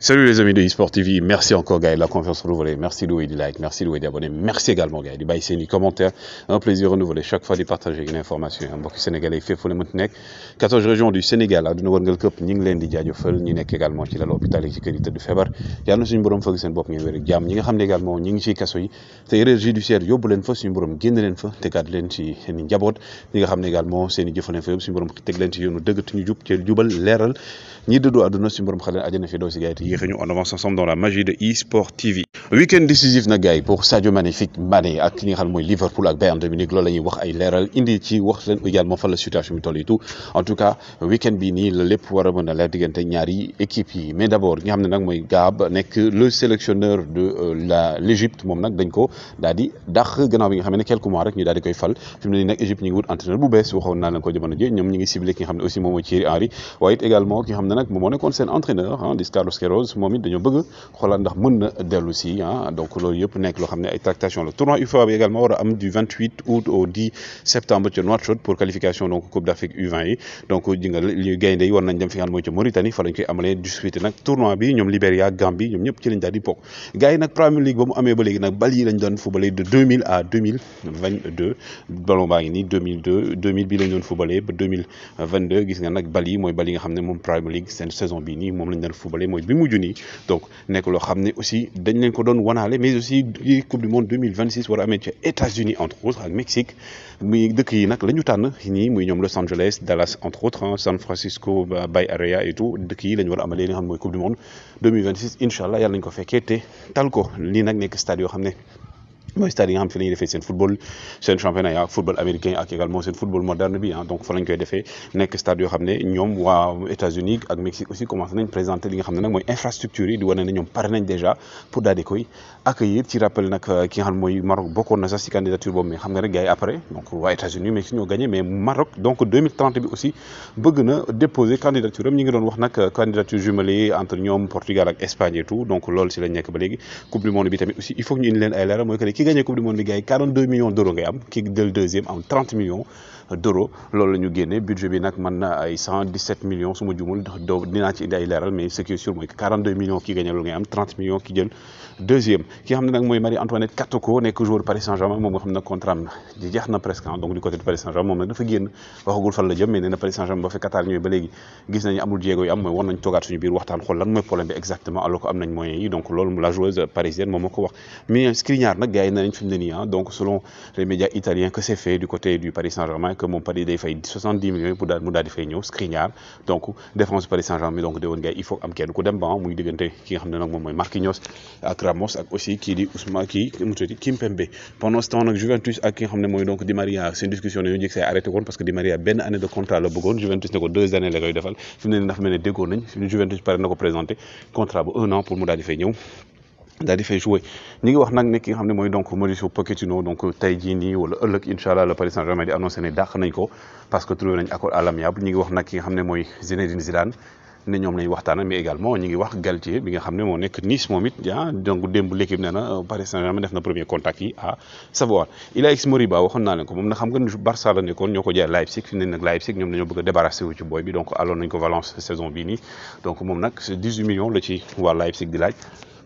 Salut les amis de eSport TV, merci encore gars de la confiance renouvelée, merci de du like, merci de d'abonner, merci également gars du bail c'est commentaire. commentaires, un plaisir renouvelé chaque fois de partager une information un mbokk sénégalais fait fu ne mënti nekk 14 régions du Sénégal à de këpp ñi ngi leen di jaajëfal ñi nekk également qui lal hôpital l'hôpital ci kër yi tëdd feebar yàlla na suñu borom fëgg seen bopp ngeen wér ñi nga également ñi ngi ci kaso yi te erreur judiciaire yóbbu leen fa suñu borom génn leen fa te gàdd leen ci seen ñi nga également seen i jëfaleen fa yóbbu suñu borom teg leen ci yoonu dëgg te ñu jub ci jubal leeral ñi dëddu àdduna suñu borom xale àjjana fi doo yéexiñu on avance ensemble dans la magie de eSport TV. week-end décisif na gars pour Sadio Mané fik Mané ak ki nga xam ne Liverpool ak Bayern de Munich loolu la ñuy wax ay leeral indi ci wax leen également fan la situation bi toll et tout en tout cas week-end bii nii la lépp war a mën a leer yi mais d'abord, abord ki nga xam ne nag Gab nekk le sélectionneur de euh, la l' Égypte moom nag dañ ko daal di dàq bi nga xam quelques mois rek ñu daal di koy fal fi mu Égypte ñu ngi wut entraîneur bu bees waxoon naa leen ko jamono ji ñoom ñu ngi ciblé ki nga xam aussi moom mooy Thierry Henry waaye également ki nga xam ne nag moom moo entraîneur ah hein, di Carlos Rose moom dañu bëgg xolal ndax mën na dellu si ah, donc loolu yëpp nekk lo xamné ay tractations le tournoi UFA bi également wara am du 28 août au 10 septembre ci Nouakchott pour qualification donc Coupe d'Afrique U20 yi donc ji li gaynde yi war nañ dem fi nga xam mooy Mauritanie fa lañ koy amalé disputé nak tournoi bi ñom Liberia Gambie ñom ñëpp ci lañ daal di bokk gaay nak Premier League ba mu amee ba légui nak bal yi lañ doon footballé de 2000 à 2022 ballon baa ngi ni 2002 2000 bi lañ doon footballé ba 2022 gis nga nak bal yi moy bal yi nga xamné mom Premier League seen saison bi ni mom lañ doon footballé moy bi mu donc nek lo xamné aussi dañ leen ko doon wanaale mais aussi coupe du monde 2026 war amé ci États-Unis entre autres ak Mexique mi dëkk yi nak lañu tann ni Los Angeles Dallas entre autres hein, San Francisco Bay Area et tout dëkk yi lañu war li coupe du monde 2026 Inshallah, yalla ñu ko fekkee té tal ko stade mooy stade yi nga xam fi la ñuy defee seen football seen championnat yi ak football américain ak également seen football moderne bi ah. donc fa lañ koy defee nekk stade yoo xam ne ñoom waa États-Unis ak Mexique aussi commencé nañ présenter li nga xam ne nag mooy infrastructure yi di wane ne ñoom pare nañ déjà pour daal di koy accueillir ci rappel nag euh, ki nga xam mooy Maroc bokkoon na sax si candidature boobu mais xam nga rek gars yi après donc waa États-Unis Mexique ñoo gagné mais Maroc donc 2030 bi aussi bëgg na déposer candidature am ñi ngi doon wax nag euh, candidature jumelée entre ñoom Portugal ak Espagne et tout donc loolu si la nekk ba léegi coupe du monde bi tamit aussi il faut ñu indi leen ay leeral mooy que ki gagné coupe du monde bi gars yi 42 millions d'euros ngay am ki jël deuxième am 30 millions d'euros loolu la ñu budget bi nag maintenant na ay 117 millions su ma jumul doo dinaa ci est ay mais ce qui est sûr mooy que 42 millions ki gagné le ngay am 30 millions ki gagnent deuxième ki a xam ne Marie Antoinette Katoko nekk joueur Paris Saint-Germain moom nga xam ne contrat am di jeex presque ah, donc du côté de Paris Saint-Germain moom nag dafa génn waxagul fan la job mais nee Paris Saint-Germain ba fi Qatar ñëwee ba léegi gis Amour amul Amour yi am mooy war nañ toogaat suñu biir waxtaan xool lan mooy problème exactement alors que am nañ moyens donc lors la joueuse parisienne moom moi wax mais Skriniar n'a gars yi nañ fi mu ah, donc selon les médias italiens que c'est fait du côté du Paris Saint-Germain que mon Paris day fay 70 millions pour mon palais daal di fay ñëw Skriniar donc défense Paris Saint-Germain donc de déwoon gars il faut am kenn ku dem ba muy diggante ki nga donc mon Marquinhos ak Ramos ak aussi kii di Ousmane kii mu tudd Kimpembe pendant ce temps nag Juventus ak ki nga xam ne donc Di Maria seen discussion ne ñu que c'est arrêté woon parce que Di Maria ben année de contrat la bëggoon Juventus ne ko deux années la koy defal fi mu ne nii dafa mel ne déggoon nañ Juventus pare na présenté contrat bu un an pour mon palais di fay daal fay jouer ñi ngi wax nak ne ki nga xam moy donc Mauricio Pochettino donc tay ji ni wala ëllëg inshallah le Paris Saint-Germain di annoncé ne dakh nañ ko parce que trouvé nañ accord à l'amiable ñi ngi wax nak ki nga xam moy mooy Zinedine Zidane ne ñom lañ waxtaanal mais également ñi ngi wax Galtier bi nga xam mo moo nekk Nice momit ya ah donc démb l'équipe nee euh, Paris Saint-Germain def na premier contact yi à Savoie Ilaix Moriba waxon naa leen ko mom na xam nga Barça la nekkoon ñoo ko jaay Leipzig fi mu ne nag Leipzig ñom dañu bëgg a débarrassé wu ci boy bi donc allons nañ ko Valence saison bi ni donc mom nak 18 millions la ci wa Leipzig di laaj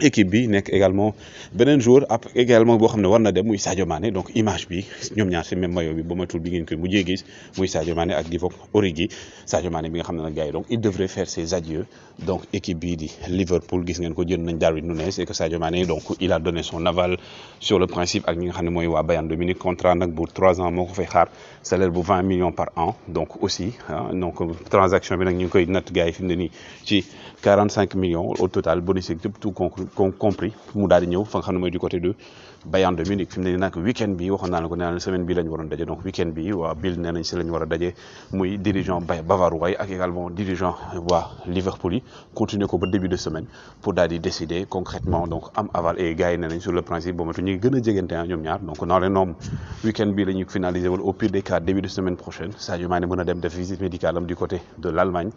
équipe bi nek également benen jour ap également bo xamné warna dem muy Sadio Mané donc image bi ñom ñaar ci même maillot bi bama matul bi ngeen koy mujjé gis muy Sadio Mané ak Divock Origi Sadio Mané bi nga xamné nak nag donc il devrait faire ses adieux donc équipe bi di Liverpool gis ngeen ko jënd nañ Darwin Nunez et que Sadio Mané donc il a donné son aval sur le principe ak ñi nga xamné moy wa Bayern de Munich contrat nak bu 3 ans moko fay xaar salaire bu 20 millions par an donc aussi hein, donc transaction bi nak ñu ngi koy natt gars fimné ni ci 45 millions au total bonus tout conclu compris mu daal di ñëw fa nga xam ne mooy du côté de Bayern de Munich fimné nak weekend bi waxon nañ ko nee semaine bi lañ ñu dajé donc weekend bi wa bill nee nañ si la ñu war muy dirigeant bay bavarois ak également dirigeant wa Liverpool continue continuer ko ba début de semaine pour dadi décider concrètement donc am aval et gars yi nañ sur le principe bo matu ñi gëna gën ah, ñom ñaar donc naa leen weekend bi la finaliser wala au pire des cas début de semaine prochaine Sadio Mané mëna dem def visite médicale am du côté de l'Allemagne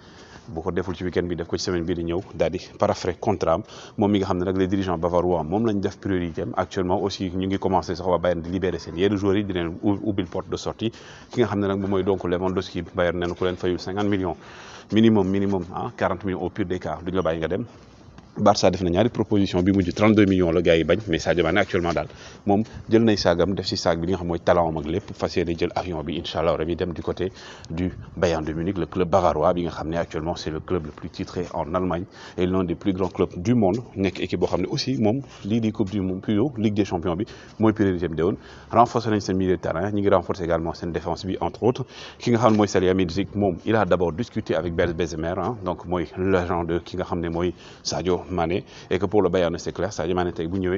bu ko deful ci weekend bi def ko ci semaine bi di ñëw dadi di parafré contrat am moom mi nga xamné ne les dirigeants bavarois mom lañ def priorité am actuellement aussi ñu ngi commencé sax waa Bayern di libérer seen yenn joueurs yi di leen porte de sortie ki nga xam ne nag moom mooy donc Lewandowski Bayern nee na ku leen fayul 50 millions minimum minimum ah 40 millions au pire des cas duñu la bàyyi dem Barça def na ñaari proposition bi mujj 32 millions la gars yi bañ mais Sadio Mané actuellement dal. mom jël nay sagam def ci saag bi nga xam moy talent am ak lepp fas jël avion bi inshallah rabbi dem du côté du Bayern de Munich le club bavarois bi nga xam actuellement c'est le club le plus titré en Allemagne et l'un des plus grands clubs du monde nek équipe bo xamné aussi mom li di coupe du monde Ligue des champions bi moy priorité bi déwoon renforcer nañ seen milieu de terrain ñi ngi renforcer également seen défense bi entre autres ki nga xam ne mooy Salihamidzic mom il a d'abord discuté avec Belz Bezemer hein donc moy le de ki nga xam ne Sadio Mané. Et que pour le Bayern, c'est clair, Sadio Mané,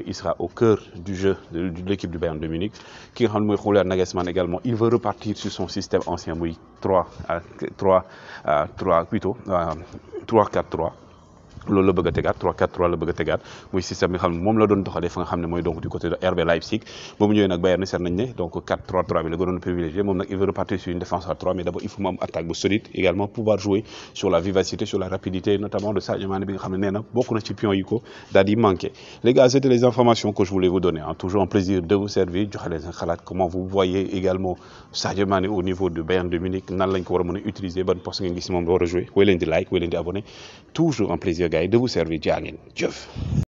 il sera au cœur du jeu de, l'équipe du Bayern de Munich. Qui Nagasman également, il veut repartir sur son système ancien, oui, 3, 3, 3, plutôt, 3, 4, 3 le la bëgg 3 4 3 le bëgg a tegaat muy système bi nga xam ne la doon doxale fa nga xam moy donc du côté de RB Leipzig bamu ñëwé nak Bayern sét nañ né donc 4 3 3 bi la gënoon privilégié mom nak il veut repartir sur une défense à 3 mais d'abord il faut mom attaque bu solide également pouvoir jouer sur la vivacité sur la rapidité notamment de Sadio Mané bi nga xam ne nee na na ci pion yi ko daal di manqué les gars c'était les informations que je voulais vous donner hein. toujours un plaisir de vous servir comment vous voyez également Sadio Mané au niveau de Bayern de Munich nan lañ ko wara mën utiliser ban poste ngeen gis mom wara jouer like wooy di abonné toujours un plaisir gars yi de vous servir jaa ngeen jëf.